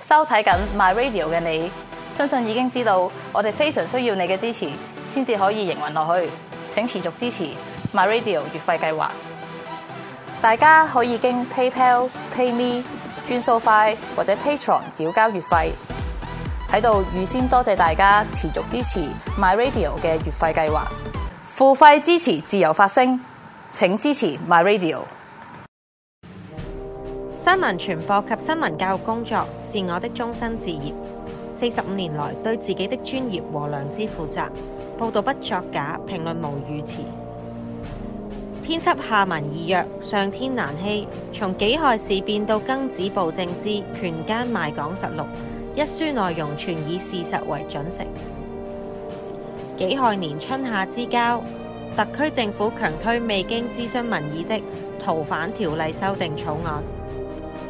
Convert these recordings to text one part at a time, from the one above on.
收睇緊 My Radio 嘅你，相信已經知道我哋非常需要你嘅支持，先至可以營運落去，請持續支持 My Radio 月費計劃。大家可以經 PayPal、PayMe、轉數快或者 Patreon 繳交月費，喺度預先多謝大家持續支持 My Radio 嘅月費計劃，付費支持自由發聲，請支持 My Radio。新聞傳播及新聞教育工作是我的終身志業。四十五年來，對自己的專業和良知負責，報導不作假，評論無語詞。編輯下文意約，上天難欺。從《己亥事變》到《庚子暴政》之《權奸賣港實錄》，一書內容全以事實為準繩。己亥年春夏之交，特區政府強推未經諮詢民意的《逃犯條例》修訂草案。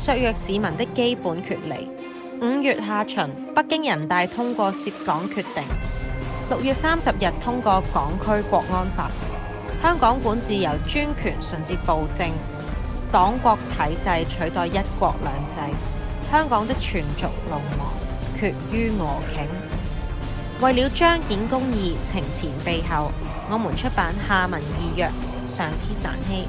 削弱市民的基本權利。五月下旬，北京人大通過涉港決定；六月三十日通過港區國安法。香港管治由專權順至暴政，黨國體制取代一國兩制。香港的全族龍亡，決於俄頃。為了彰顯公義，懲前毖後，我們出版下文意約，上天難欺。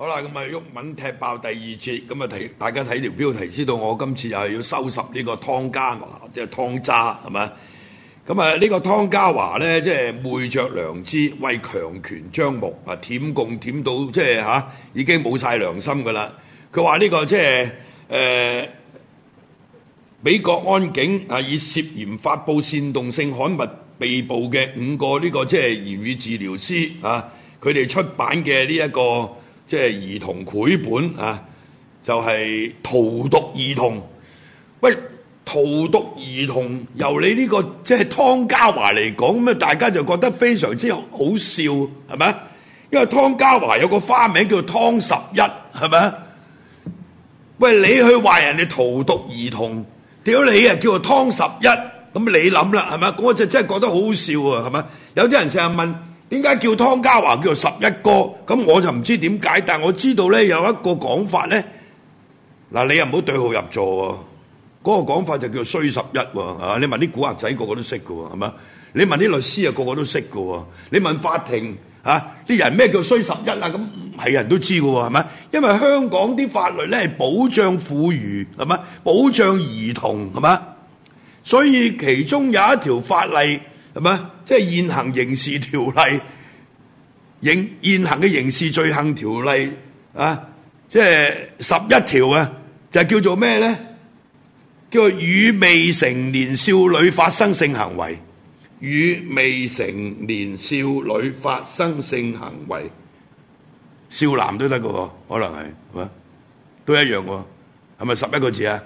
好啦，咁啊，毓民踢爆第二節，咁啊，提大家睇條標題，知道我今次又係要收拾呢個湯家驊，即係湯渣，係咪？咁啊，呢個湯家驊咧，即係昧着良知，為強權張目啊，舔共舔到即係吓、啊，已經冇晒良心噶啦。佢話呢個即係誒、呃，美國安警啊，以涉嫌發布煽動性刊物被捕嘅五個呢個即係言語治療師啊，佢哋出版嘅呢一個。即係兒童繪本啊，就係、是、荼毒兒童。喂，荼毒兒童由你呢、這個即係湯家驊嚟講，咁啊大家就覺得非常之好笑，係咪？因為湯家驊有個花名叫做湯十一，係咪？喂，你去話人哋荼毒兒童，屌你啊，叫做湯十一，咁你諗啦，係咪？我就真係覺得好笑啊，係咪？有啲人成日問。點解叫湯家驊叫做十一哥？咁我就唔知點解，但係我知道咧有一個講法咧。嗱，你又唔好對號入座喎。嗰、那個講法就叫衰十一喎、啊。你問啲古惑仔個個都識嘅喎，係咪？你問啲律師啊，個個都識嘅喎。你問法庭啊，啲人咩叫衰十一啊？咁係人都知嘅喎，係咪？因為香港啲法律咧係保障婦孺，係咪？保障兒童，係咪？所以其中有一條法例。係咪？即係現行刑事條例，現現行嘅刑事罪行條例啊，即係十一條啊，就叫做咩咧？叫做與未成年少女發生性行為，與未成年少女發生性行為，少男都得個，可能係係嘛，都一樣喎。係咪十一個字啊？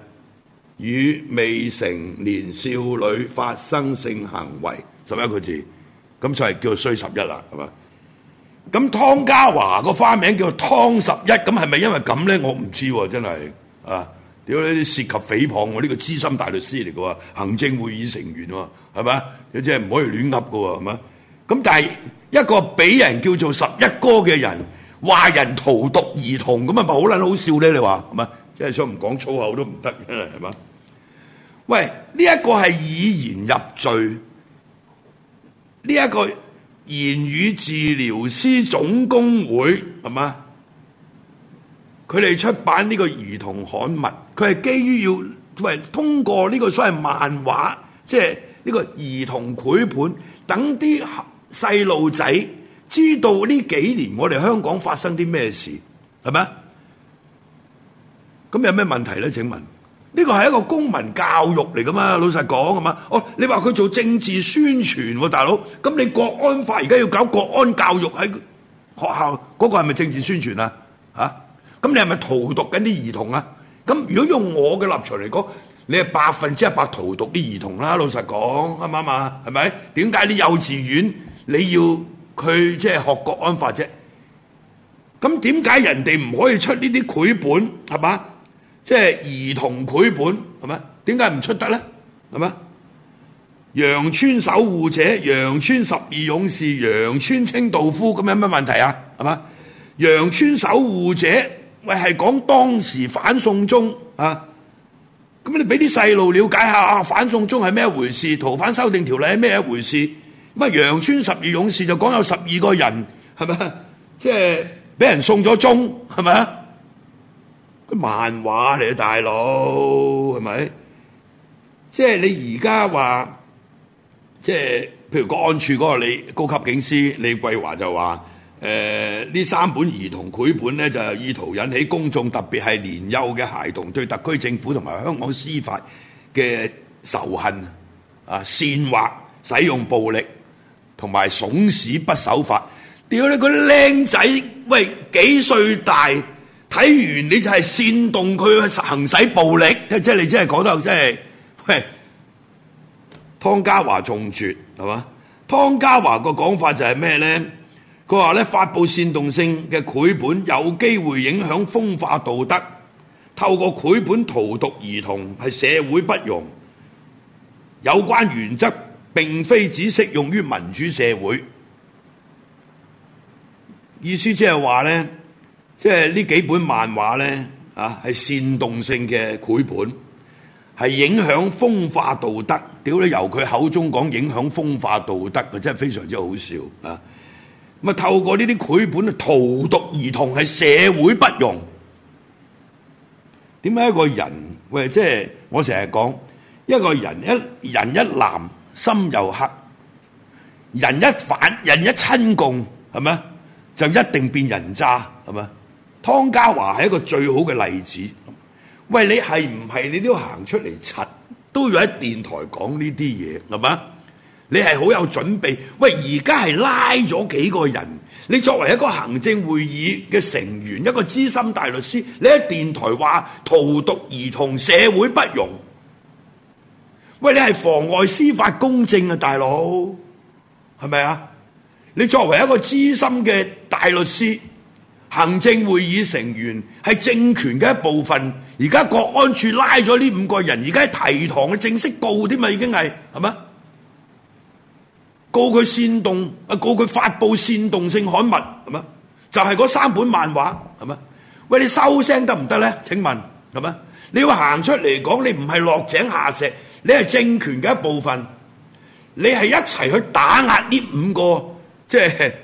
與未成年少女發生性行為。十一個字，咁就係叫做衰十一啦，係嘛？咁湯家驊個花名叫湯十一，咁係咪因為咁咧？我唔知喎，真係啊！屌你啲涉及誹謗我呢個資深大律師嚟嘅喎，行政會議成員喎，係嘛？你真係唔可以亂噏嘅喎，係嘛？咁但係一個俾人叫做十一哥嘅人話人荼毒兒童，咁咪好撚好笑咧？你話係嘛？即係想唔講粗口都唔得嘅係嘛？喂，呢一個係以言入罪。呢一個言語治療師總工會係嘛？佢哋出版呢個兒童刊物，佢係基於要，佢係通過呢個所謂漫畫，即係呢個兒童繪本，等啲細路仔知道呢幾年我哋香港發生啲咩事，係咪？咁有咩問題咧？請問。呢個係一個公民教育嚟㗎嘛？老實講係嘛？哦，你話佢做政治宣傳、啊、大佬，咁你國安法而家要搞國安教育喺學校嗰、嗰個係咪政治宣傳啊？嚇、啊，咁你係咪荼毒緊啲兒童啊？咁如果用我嘅立場嚟講，你係百分之一百荼毒啲兒童啦。老實講啱唔啱啊？係咪？點解啲幼稚園你要佢即係學國安法啫？咁點解人哋唔可以出呢啲繪本係嘛？即係兒童繪本，係咪？點解唔出得咧？係咪？《羊村守護者》《羊村十二勇士》《羊村清道夫》咁有乜問題啊？係嘛，《羊村守護者》喂，係講當時反送中。啊！咁你俾啲細路了解下啊，反送中係咩回事？逃犯修訂條例係咩一回事？咁啊，《羊村十二勇士》就講有十二個人係咪？即係俾人送咗中係咪啊？漫畫嚟，大佬係咪？即係你而家話，即係譬如國安處嗰個你高級警司李桂華就話，誒、呃，呢三本兒童繪本咧，就意圖引起公眾，特別係年幼嘅孩童，對特區政府同埋香港司法嘅仇恨啊！煽惑、使用暴力同埋慫使不守法，屌你個僆仔，喂，幾歲大？睇完你就係煽動佢去行使暴力，即係你真係講得即係，喂，湯家驊重絕係嘛？湯家驊個講法就係咩咧？佢話咧發佈煽動性嘅繪本有機會影響風化道德，透過繪本荼毒兒童係社會不容。有關原則並非只適用於民主社會，意思即係話咧。即係呢幾本漫畫咧，啊，係煽動性嘅繪本，係影響風化道德。屌你，由佢口中講影響風化道德嘅，真係非常之好笑啊！咁啊，透過呢啲繪本荼毒兒童，係社會不容。點解一個人喂？即係我成日講，一個人一人一藍，心又黑，人一反，人一親共係咪？就一定變人渣，係咪？湯家驊係一個最好嘅例子，喂，你係唔係你都要行出嚟？陳都要喺電台講呢啲嘢，係嘛？你係好有準備？喂，而家係拉咗幾個人？你作為一個行政會議嘅成員，一個資深大律師，你喺電台話荼毒兒童，社會不容。喂，你係妨礙司法公正啊，大佬，係咪啊？你作為一個資深嘅大律師？行政會議成員係政權嘅一部分，而家國安處拉咗呢五個人，而家提堂嘅正式告添嘛，已經係係咩？告佢煽動啊，告佢發佈煽動性刊物係咩？就係、是、嗰三本漫畫係咩？喂，你收聲得唔得咧？請問係咩？你要行出嚟講，你唔係落井下石，你係政權嘅一部分，你係一齊去打壓呢五個即係。就是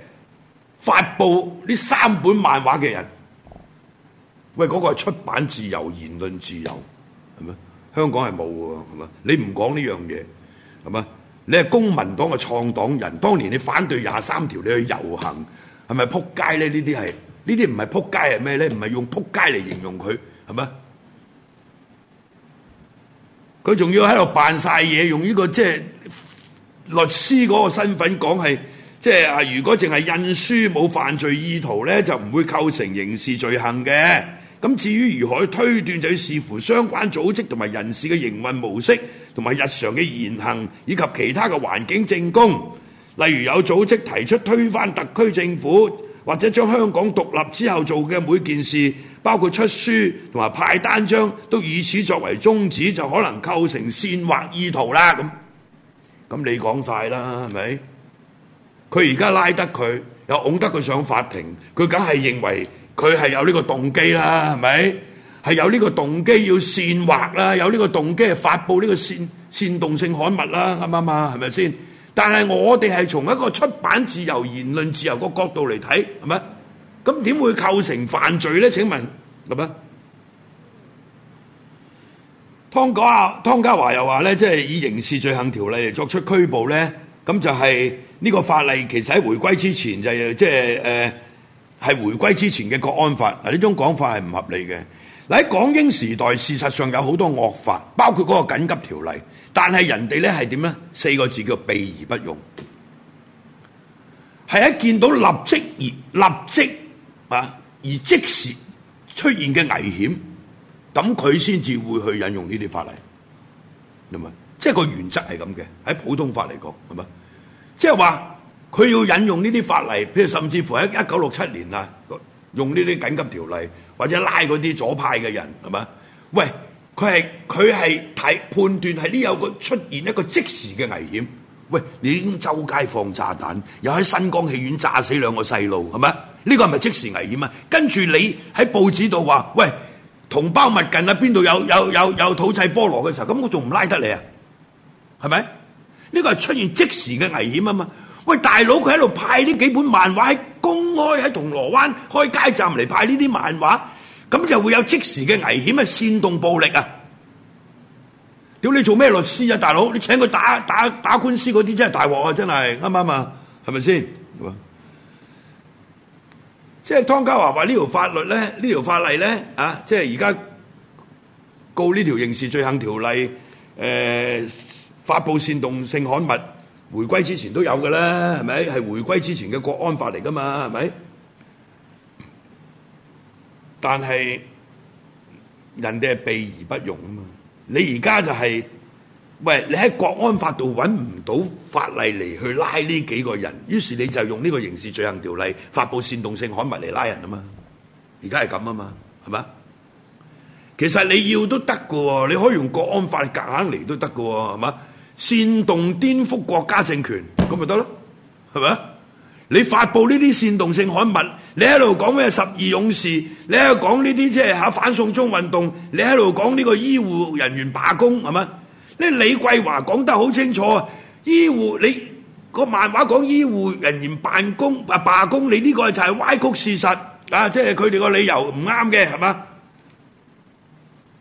發布呢三本漫畫嘅人，喂嗰個係出版自由、言論自由，係咪？香港係冇㗎，係咪？你唔講呢樣嘢，係咪？你係公民黨嘅創黨人，當年你反對廿三條，你去遊行，係咪撲街咧？呢啲係呢啲唔係撲街係咩咧？唔係用撲街嚟形容佢，係咪？佢仲要喺度扮晒嘢，用呢個即係律師嗰個身份講係。即係啊！如果淨係印書冇犯罪意圖咧，就唔會構成刑事罪行嘅。咁至於如何推斷，就要視乎相關組織同埋人士嘅營運模式同埋日常嘅言行以及其他嘅環境證供。例如有組織提出推翻特區政府，或者將香港獨立之後做嘅每件事，包括出書同埋派單張，都以此作為宗旨，就可能構成煽惑意圖啦。咁咁你講晒啦，係咪？佢而家拉得佢，又擁得佢上法庭，佢梗係認為佢係有呢個動機啦，係咪？係有呢個動機要煽惑啦，有呢個動機係發布呢個煽煽動性刊物啦，啱唔啱啊？係咪先？但係我哋係從一個出版自由、言論自由個角度嚟睇，係咪？咁點會構成犯罪咧？請問，咁啊？湯哥啊，湯家驊又話咧，即係以刑事罪行條例作出拘捕咧，咁就係。呢個法例其實喺回歸之前就即係誒，係、就係呃、回歸之前嘅國安法啊！呢種講法係唔合理嘅。喺港英時代，事實上有好多惡法，包括嗰個緊急條例，但係人哋咧係點咧？四個字叫避而不用，係喺見到立即而立即啊，而即時出現嘅危險，咁佢先至會去引用呢啲法例，明白？即係個原則係咁嘅，喺普通法嚟講，係咪？即係話，佢要引用呢啲法例，譬如甚至乎喺一九六七年啊，用呢啲緊急條例，或者拉嗰啲左派嘅人，係咪？喂，佢係佢係睇判斷係呢有個出現一個即時嘅危險。喂，你已經周街放炸彈，又喺新光戲院炸死兩個細路，係咪？呢個係咪即時危險啊？跟住你喺報紙度話，喂，同胞勿近啊！邊度有有有有土製菠蘿嘅時候，咁我仲唔拉得你啊？係咪？呢個係出現即時嘅危險啊嘛！喂，大佬佢喺度派呢幾本漫畫喺公開喺銅鑼灣開街站嚟派呢啲漫畫，咁就會有即時嘅危險啊！煽動暴力啊！屌你做咩律師啊，大佬！你請佢打打打官司嗰啲真係大鑊啊！真係啱唔啱啊？係咪先？即係湯家驊話呢條法律咧，呢條法例咧啊！即係而家告呢條刑事罪行條例誒。呃發布煽動性刊物，回歸之前都有㗎啦，係咪？係回歸之前嘅國安法嚟噶嘛，係咪？但係人哋係備而不用啊嘛。你而家就係、是，喂，你喺國安法度揾唔到法例嚟去拉呢幾個人，於是你就用呢個刑事罪行條例發布煽動性刊物嚟拉人啊嘛。而家係咁啊嘛，係咪？其實你要都得㗎喎，你可以用國安法夾硬嚟都得㗎喎，係嘛？煽動顛覆國家政權咁咪得咯，係咪？你發佈呢啲煽動性刊物，你喺度講咩十二勇士，你喺度講呢啲即係吓反送中運動，你喺度講呢個醫護人員罷工，係咪？呢李桂華講得好清楚，醫護你個漫畫講醫護人員辦公啊罷工，你呢個就係歪曲事實啊！即係佢哋個理由唔啱嘅，係嘛？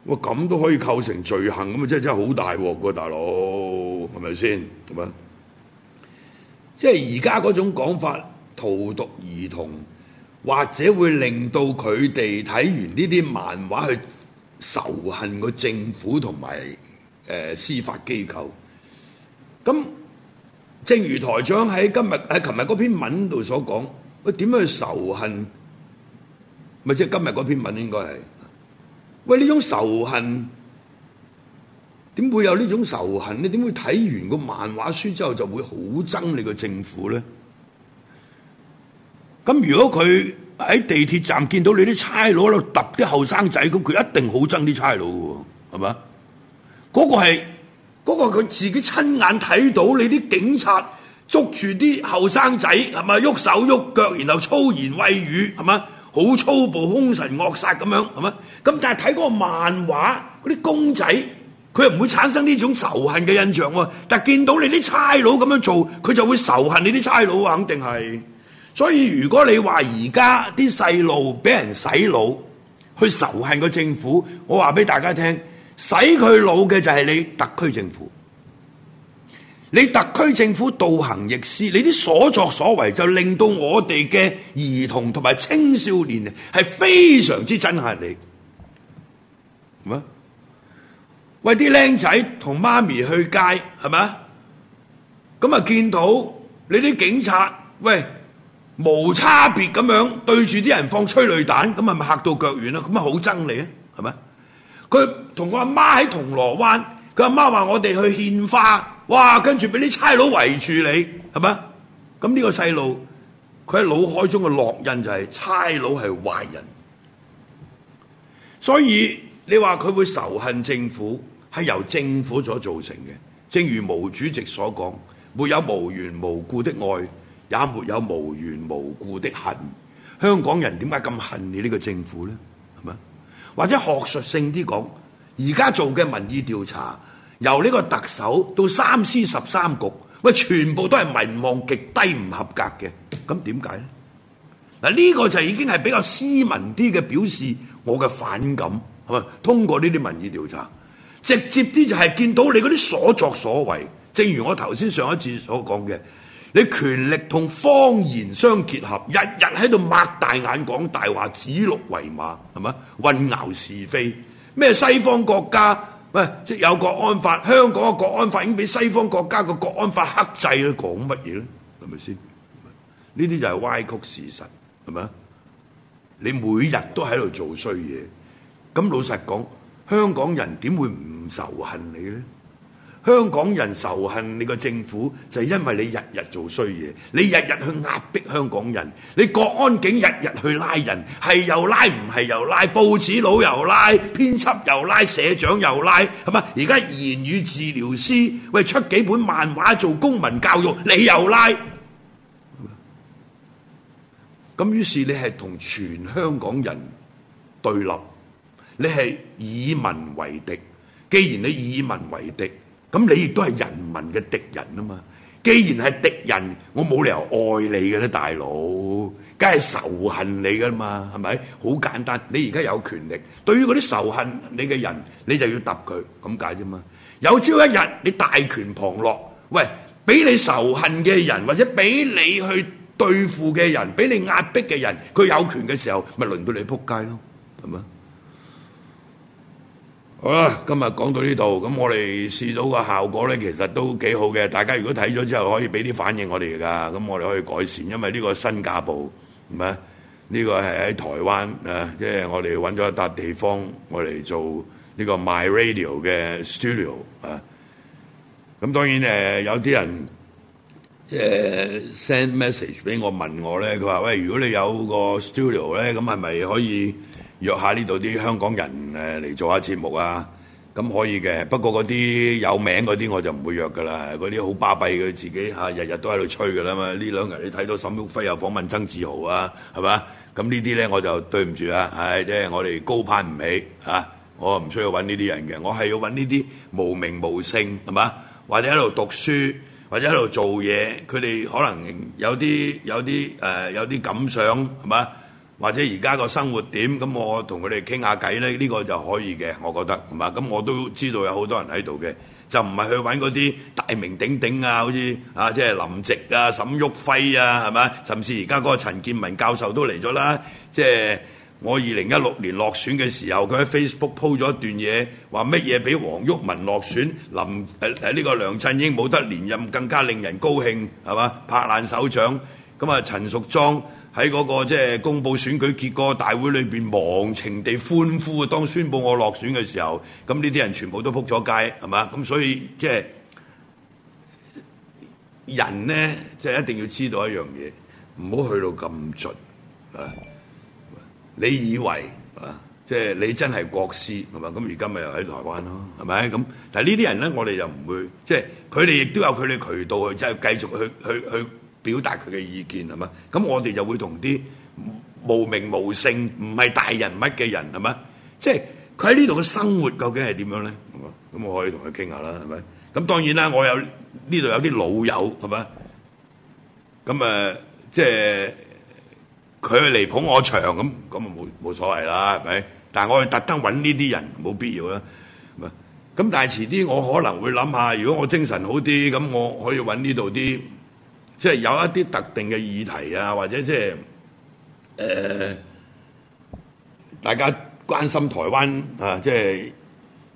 哇，咁都可以構成罪行咁啊！即係真係好大鑊㗎，大佬。係咪先咁啊？即係而家嗰種講法，荼毒兒童，或者會令到佢哋睇完呢啲漫畫去仇恨個政府同埋誒司法機構。咁，正如台長喺今日喺琴日嗰篇文度所講，喂、哎，點樣去仇恨？咪即係今日嗰篇文應該係喂呢種仇恨。點會有呢種仇恨咧？點會睇完個漫畫書之後就會好憎你個政府呢？咁如果佢喺地鐵站見到你啲差佬喺度揼啲後生仔，咁佢一定好憎啲差佬嘅，係嘛？嗰個係嗰個佢自己親眼睇到你啲警察捉住啲後生仔，係咪？喐手喐腳，然後粗言穢語，係嘛？好粗暴兇神惡煞咁樣，係嘛？咁但係睇嗰個漫畫嗰啲公仔。佢唔會產生呢種仇恨嘅印象喎，但見到你啲差佬咁樣做，佢就會仇恨你啲差佬啊！肯定係。所以如果你話而家啲細路俾人洗腦去仇恨個政府，我話俾大家聽，洗佢腦嘅就係你特區政府。你特區政府倒行逆施，你啲所作所為就令到我哋嘅兒童同埋青少年係非常之憎恨你。咩？喂，啲僆仔同媽咪去街，係咪啊？咁啊，見到你啲警察，喂，無差別咁樣對住啲人放催淚彈，咁咪咪嚇到腳軟呀！咁咪好憎你啊，係咪？佢同我阿媽喺銅鑼灣，佢阿媽話我哋去獻花，哇！跟住俾啲差佬圍住你，係咪？咁呢個細路，佢喺腦海中嘅烙印就係差佬係壞人，所以。你話佢會仇恨政府係由政府所造成嘅，正如毛主席所講，沒有無緣無故的愛，也沒有無緣無故的恨。香港人點解咁恨你呢個政府呢？係嘛？或者學術性啲講，而家做嘅民意調查，由呢個特首到三司十三局，喂，全部都係民望極低、唔合格嘅。咁點解呢？嗱，呢個就已經係比較斯文啲嘅表示，我嘅反感。通過呢啲民意調查，直接啲就係見到你嗰啲所作所為。正如我頭先上一次所講嘅，你權力同謊言相結合，日日喺度擘大眼講大話，指鹿為馬，係嘛？混淆是非咩？西方國家喂，即有國安法，香港嘅國安法已經畀西方國家嘅國安法克制咧，講乜嘢咧？係咪先？呢啲就係歪曲事實，係嘛？你每日都喺度做衰嘢。咁老實講，香港人點會唔仇恨你呢？香港人仇恨你個政府，就係因為你日日做衰嘢，你日日去壓迫香港人，你國安警日日去拉人，係又拉，唔係又拉，報紙佬又拉，編輯又拉，社長又拉，係嘛？而家言語治療師喂出幾本漫畫做公民教育，你又拉。咁於是你係同全香港人對立。你係以民為敵，既然你以民為敵，咁你亦都係人民嘅敵人啊嘛！既然係敵人，我冇理由愛你嘅咧，大佬，梗係仇恨你噶嘛？係咪？好簡單，你而家有權力，對於嗰啲仇恨你嘅人，你就要揼佢咁解啫嘛！有朝一日你大權旁落，喂，俾你仇恨嘅人，或者俾你去對付嘅人，俾你壓迫嘅人，佢有權嘅時候，咪輪到你撲街咯，係嘛？好啦，今日講到呢度，咁我哋試到個效果呢，其實都幾好嘅。大家如果睇咗之後，可以俾啲反應我哋㗎，咁我哋可以改善。因為呢個新加坡，唔係，呢個係喺台灣啊，即係我哋揾咗一笪地方，我嚟做呢個 My Radio 嘅 studio 啊。咁當然誒、呃，有啲人即係、呃、send message 俾我問我呢，佢話喂，如果你有個 studio 呢，咁係咪可以？約下呢度啲香港人誒嚟做下節目啊，咁可以嘅。不過嗰啲有名嗰啲我就唔會約㗎啦，嗰啲好巴閉嘅自己嚇日日都喺度吹㗎啦嘛。呢兩日你睇到沈旭暉又訪問曾志豪啊，係嘛？咁呢啲咧我就對唔住啊，係即係我哋高攀唔起啊！就是、我唔、啊、需要揾呢啲人嘅，我係要揾呢啲無名無姓，係嘛，或者喺度讀書或者喺度做嘢，佢哋可能有啲有啲誒有啲、呃、感想係嘛？或者而家個生活點咁，我同佢哋傾下偈咧，呢個就可以嘅，我覺得，唔係咁，我都知道有好多人喺度嘅，就唔係去揾嗰啲大名鼎鼎啊，好似啊即係林夕啊、沈旭輝啊，係咪？甚至而家嗰個陳健民教授都嚟咗啦，即係我二零一六年落選嘅時候，佢喺 Facebook 鋪咗一段嘢，話乜嘢俾黃毓民落選，林誒誒呢個梁振英冇得連任，更加令人高興，係嘛？拍爛手掌，咁啊陳淑莊。喺嗰、那個即係、就是、公佈選舉結果大會裏邊，忘情地歡呼。當宣佈我落選嘅時候，咁呢啲人全部都仆咗街，係嘛？咁所以即係、就是、人呢，即、就、係、是、一定要知道一樣嘢，唔好去到咁盡啊！你以為啊，即係、就是、你真係國師係嘛？咁而家咪又喺台灣咯，係咪咁？但係呢啲人呢，我哋又唔會，即係佢哋亦都有佢哋渠道去，即係繼續去去去，去表達佢嘅意見係嘛？咁我哋就會同啲無名無姓、唔係大人物嘅人係嘛？即係佢喺呢度嘅生活究竟係點樣咧？咁我可以同佢傾下啦，係咪？咁當然啦，我有呢度有啲老友係咪？咁誒、呃，即係佢嚟捧我場咁，咁啊冇冇所謂啦，係咪？但係我去特登揾呢啲人冇必要啦，咁但係遲啲我可能會諗下，如果我精神好啲，咁我可以揾呢度啲。即係有一啲特定嘅議題啊，或者即係誒、呃、大家關心台灣啊，即係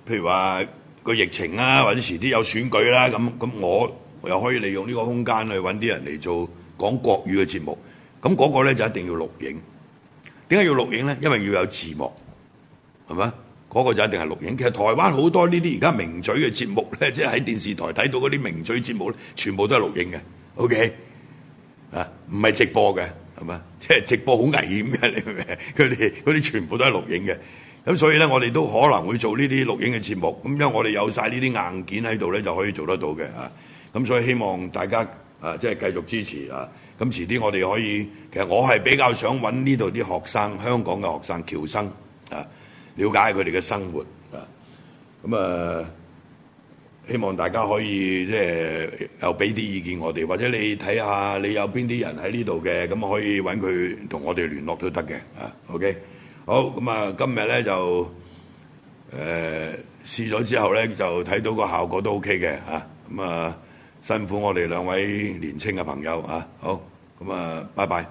譬如話個疫情啦、啊，或者遲啲有選舉啦、啊，咁咁我又可以利用呢個空間去揾啲人嚟做講國語嘅節目。咁、那、嗰個咧就一定要錄影。點解要錄影咧？因為要有字幕，係咪？嗰、那個就一定係錄影。其實台灣好多呢啲而家名嘴嘅節目咧，即係喺電視台睇到嗰啲名嘴節目咧，全部都係錄影嘅。O、okay. K，啊，唔係直播嘅，係咪？即 係直播好危險嘅，你明，佢哋啲全部都係錄影嘅，咁所以咧，我哋都可能會做呢啲錄影嘅節目。咁因為我哋有晒呢啲硬件喺度咧，就可以做得到嘅嚇。咁、啊、所以希望大家啊，即、就、係、是、繼續支持啊。咁遲啲我哋可以，其實我係比較想搵呢度啲學生，香港嘅學生，僑生啊，了解佢哋嘅生活啊。咁啊～啊希望大家可以即係又俾啲意見，我哋，或者你睇下你有邊啲人喺呢度嘅，咁可以揾佢同我哋聯絡都得嘅。啊，OK，好，咁啊、嗯，今日咧就誒試咗之後咧就睇到個效果都 OK 嘅嚇。咁啊、嗯，辛苦我哋兩位年青嘅朋友啊，好，咁、嗯、啊，拜拜。